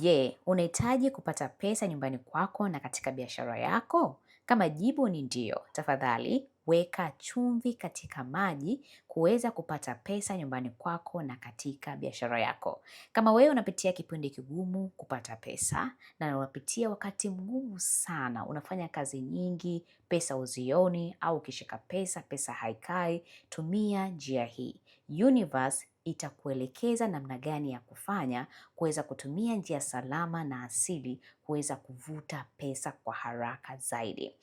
Je, unahitaji kupata pesa nyumbani kwako na katika biashara yako? Kama jibu ni ndio, tafadhali weka chumvi katika maji kuweza kupata pesa nyumbani kwako na katika biashara yako. Kama wewe unapitia kipindi kigumu kupata pesa na unapitia wakati mgumu sana, unafanya kazi nyingi, pesa uzioni, au ukishika pesa, pesa haikai, tumia njia hii. Universe itakuelekeza namna gani ya kufanya kuweza kutumia njia salama na asili kuweza kuvuta pesa kwa haraka zaidi.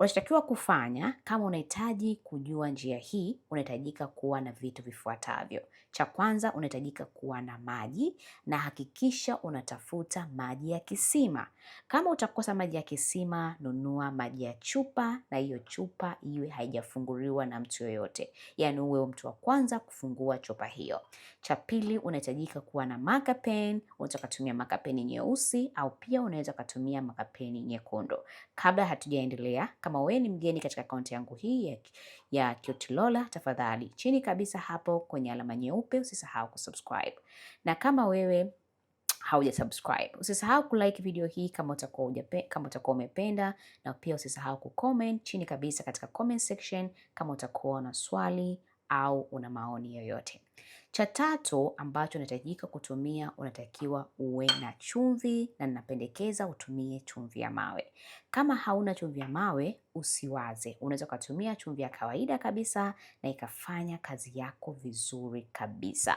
Unachotakiwa kufanya kama unahitaji kujua njia hii, unahitajika kuwa na vitu vifuatavyo. Cha kwanza, unahitajika kuwa na maji na hakikisha unatafuta maji ya kisima. Kama utakosa maji ya kisima, nunua maji ya chupa na hiyo chupa iwe haijafunguliwa na mtu yoyote, yaani uwe mtu wa kwanza kufungua chupa hiyo. Cha pili, unahitajika kuwa na marker pen. Unaweza ukatumia marker pen nyeusi au pia unaweza ukatumia marker pen nyekundu. Kabla hatujaendelea kama we ni mgeni katika akaunti yangu hii ya, ya Qtlola, tafadhali chini kabisa hapo kwenye alama nyeupe usisahau kusubscribe, na kama wewe hauja subscribe usisahau kulike video hii kama utakuwa kama utakuwa umependa, na pia usisahau kucomment chini kabisa katika comment section kama utakuwa na swali au una maoni yoyote. Cha tatu ambacho unahitajika kutumia, unatakiwa uwe na chumvi, na ninapendekeza utumie chumvi ya mawe. Kama hauna chumvi ya mawe, usiwaze, unaweza ukatumia chumvi ya kawaida kabisa na ikafanya kazi yako vizuri kabisa.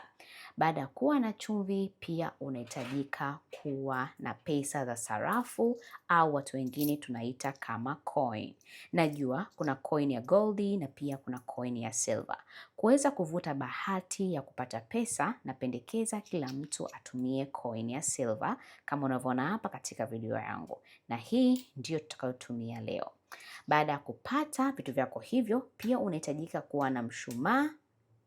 Baada ya kuwa na chumvi, pia unahitajika kuwa na pesa za sarafu au watu wengine tunaita kama coin. Najua kuna coin ya goldi na pia kuna coin ya silver. Kuweza kuvuta bahati ya kupata pesa, napendekeza kila mtu atumie coin ya silver kama unavyoona hapa katika video yangu, na hii ndiyo tutakayotumia leo. Baada ya kupata vitu vyako hivyo, pia unahitajika kuwa na mshumaa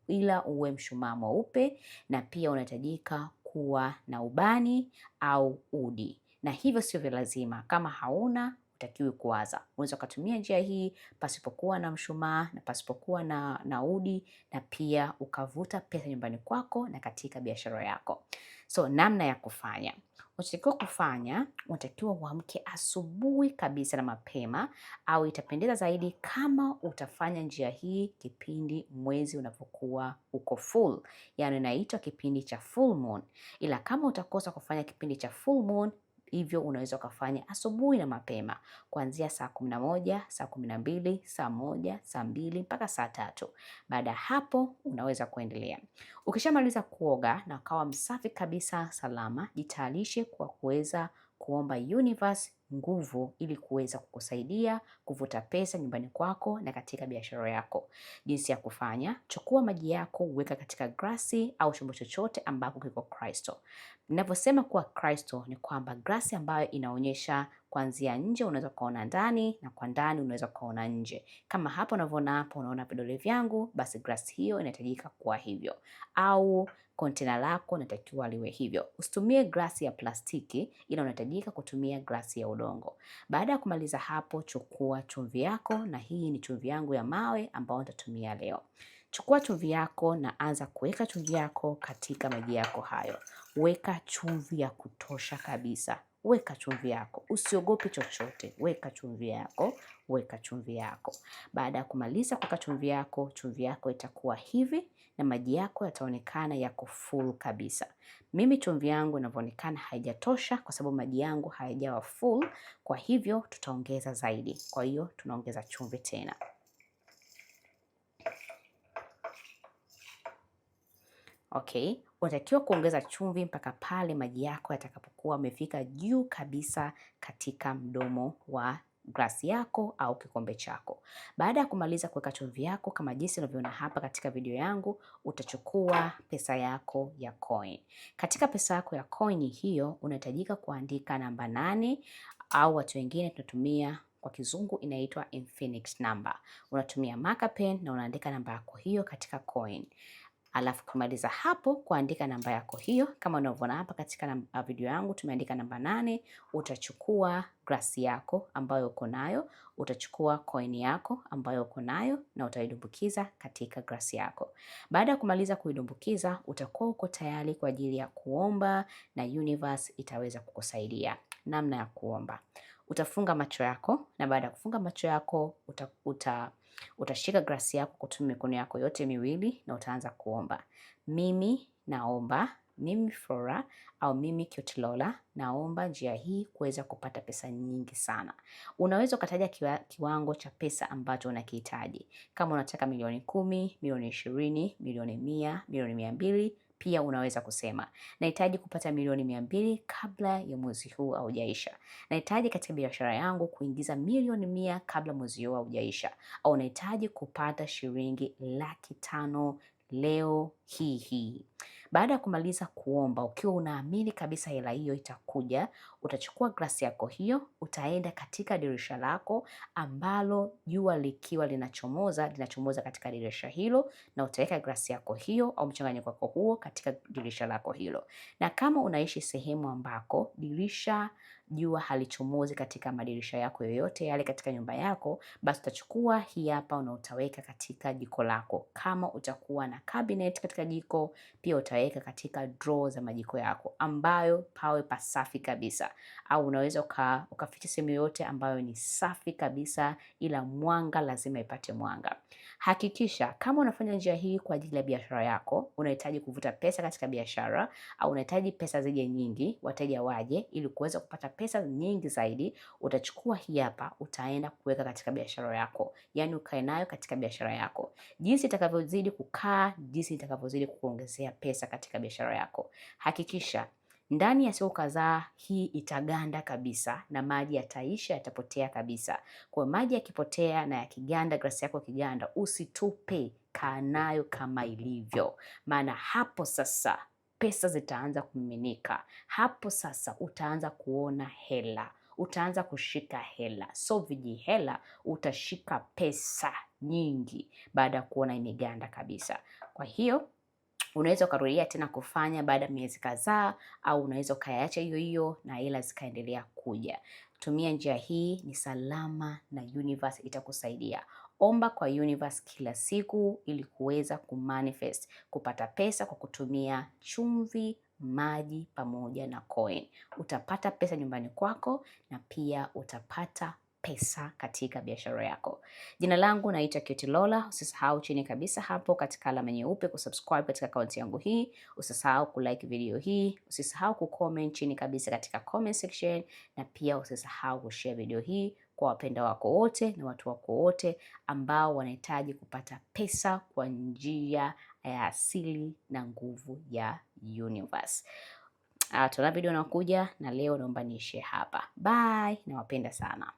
ila uwe mshumaa mweupe, na pia unahitajika kuwa na ubani au udi, na hivyo sio vya lazima. Kama hauna utakiwi kuwaza. Unaweza ukatumia njia hii pasipokuwa na mshumaa na pasipokuwa na, na udi na pia ukavuta pesa nyumbani kwako na katika biashara yako. So namna ya kufanya unachotakiwa kufanya, unatakiwa uamke asubuhi kabisa na mapema, au itapendeza zaidi kama utafanya njia hii kipindi mwezi unapokuwa uko full, yani inaitwa kipindi cha full moon. Ila kama utakosa kufanya kipindi cha full moon, hivyo unaweza ukafanya asubuhi na mapema kuanzia saa kumi na moja, saa kumi na mbili, saa moja, saa mbili mpaka saa tatu. Baada ya hapo unaweza kuendelea. Ukishamaliza kuoga na ukawa msafi kabisa salama, jitayarishe kwa kuweza kuomba universe nguvu ili kuweza kukusaidia kuvuta pesa nyumbani kwako na katika biashara yako. Jinsi ya kufanya, chukua maji yako, weka katika glasi au chombo chochote ambako kiko Kristo. Ninavyosema kuwa Kristo ni kwamba glasi ambayo inaonyesha kuanzia nje unaweza ukaona ndani na kwa ndani unaweza ukaona nje. Kama hapa unavyoona hapo, unaona vidole vyangu, basi glasi hiyo inahitajika kuwa hivyo, au kontena lako natakiwa liwe hivyo. Usitumie glasi ya plastiki, ila unahitajika kutumia glasi ya udongo. Baada ya kumaliza hapo, chukua chumvi yako, na hii ni chumvi yangu ya mawe ambayo nitatumia leo. Chukua chumvi yako na anza kuweka chumvi yako katika maji yako hayo. Weka chumvi ya kutosha kabisa weka chumvi yako, usiogope chochote, weka chumvi yako, weka chumvi yako. Baada ya kumaliza kuweka chumvi yako, chumvi yako itakuwa hivi na maji yako yataonekana yako full kabisa. Mimi chumvi yangu inavyoonekana haijatosha, kwa sababu maji yangu hayajawa full, kwa hivyo tutaongeza zaidi. Kwa hiyo tunaongeza chumvi tena. Okay, Unatakiwa kuongeza chumvi mpaka pale maji yako yatakapokuwa yamefika juu kabisa katika mdomo wa glasi yako au kikombe chako. Baada ya kumaliza kuweka chumvi yako kama jinsi unavyoona hapa katika video yangu, utachukua pesa yako ya coin. Katika pesa yako ya coin hiyo unahitajika kuandika namba nane au watu wengine tunatumia kwa kizungu inaitwa infinite number. Unatumia marker pen na unaandika namba yako hiyo katika coin. Alafu kumaliza hapo kuandika namba yako hiyo, kama unavyoona hapa katika ah, video yangu tumeandika namba nane. Utachukua glasi yako ambayo uko nayo, utachukua coin yako ambayo uko nayo na utaidumbukiza katika glasi yako. Baada ya kumaliza kuidumbukiza, utakuwa uko tayari kwa ajili ya kuomba na universe itaweza kukusaidia namna ya kuomba. Utafunga macho yako, na baada ya kufunga macho yako uta, uta, utashika grasi yako kutumia mikono yako yote miwili na utaanza kuomba. Mimi naomba mimi Flora au mimi Kyotlola naomba njia hii kuweza kupata pesa nyingi sana. Unaweza ukataja kiwa, kiwango cha pesa ambacho unakihitaji. Kama unataka milioni kumi, milioni ishirini, milioni mia, milioni mia mbili pia unaweza kusema nahitaji kupata milioni mia mbili kabla ya mwezi huu haujaisha. Nahitaji katika biashara yangu kuingiza milioni mia kabla mwezi huu haujaisha, au nahitaji kupata shilingi laki tano leo hii hii. Baada ya kumaliza kuomba, ukiwa unaamini kabisa hela hiyo itakuja, utachukua glasi yako hiyo, utaenda katika dirisha lako ambalo jua likiwa linachomoza linachomoza katika dirisha hilo, na utaweka glasi yako hiyo au mchanganyiko wako huo katika dirisha lako hilo. Na kama unaishi sehemu ambako dirisha jua halichomozi katika madirisha yako yoyote yale katika nyumba yako, basi utachukua hii hapa na utaweka katika jiko lako. Kama utakuwa na cabinet katika jiko, pia utaweka katika drawer za majiko yako, ambayo pawe pasafi kabisa, au unaweza ukaficha sehemu yoyote ambayo ni safi kabisa, ila mwanga lazima ipate mwanga. Hakikisha kama unafanya njia hii kwa ajili ya biashara yako, unahitaji kuvuta pesa katika biashara, au unahitaji pesa zije nyingi, wateja waje, ili kuweza kupata pesa nyingi zaidi, utachukua hii hapa, utaenda kuweka katika biashara yako, yaani ukae nayo katika biashara yako. Jinsi itakavyozidi kukaa, jinsi itakavyozidi kukuongezea pesa katika biashara yako. Hakikisha ndani ya siku kadhaa hii itaganda kabisa na maji yataisha, yatapotea kabisa. Kwa maji yakipotea na yakiganda, grasi yako kiganda usitupe, kaa nayo kama ilivyo, maana hapo sasa pesa zitaanza kumiminika. Hapo sasa utaanza kuona hela, utaanza kushika hela. So vijihela, utashika pesa nyingi baada ya kuona imeganda kabisa. Kwa hiyo unaweza ukarudia tena kufanya baada ya miezi kadhaa, au unaweza ukayaacha hiyo hiyo na hela zikaendelea kuja. Tumia njia hii, ni salama na universe itakusaidia omba kwa universe kila siku ili kuweza kumanifest kupata pesa kwa kutumia chumvi, maji pamoja na coin. Utapata pesa nyumbani kwako na pia utapata pesa katika biashara yako. Jina langu naitwa Cutie Lola. Usisahau chini kabisa hapo katika alama nyeupe kusubscribe katika akaunti yangu hii. Usisahau kulike video hii, usisahau kucomment chini kabisa katika comment section, na pia usisahau kushare video hii kwa wapenda wako wote na watu wako wote ambao wanahitaji kupata pesa kwa njia ya asili na nguvu ya universe. Uh, tuna video inakuja na leo naomba niishie hapa. Bye, nawapenda sana.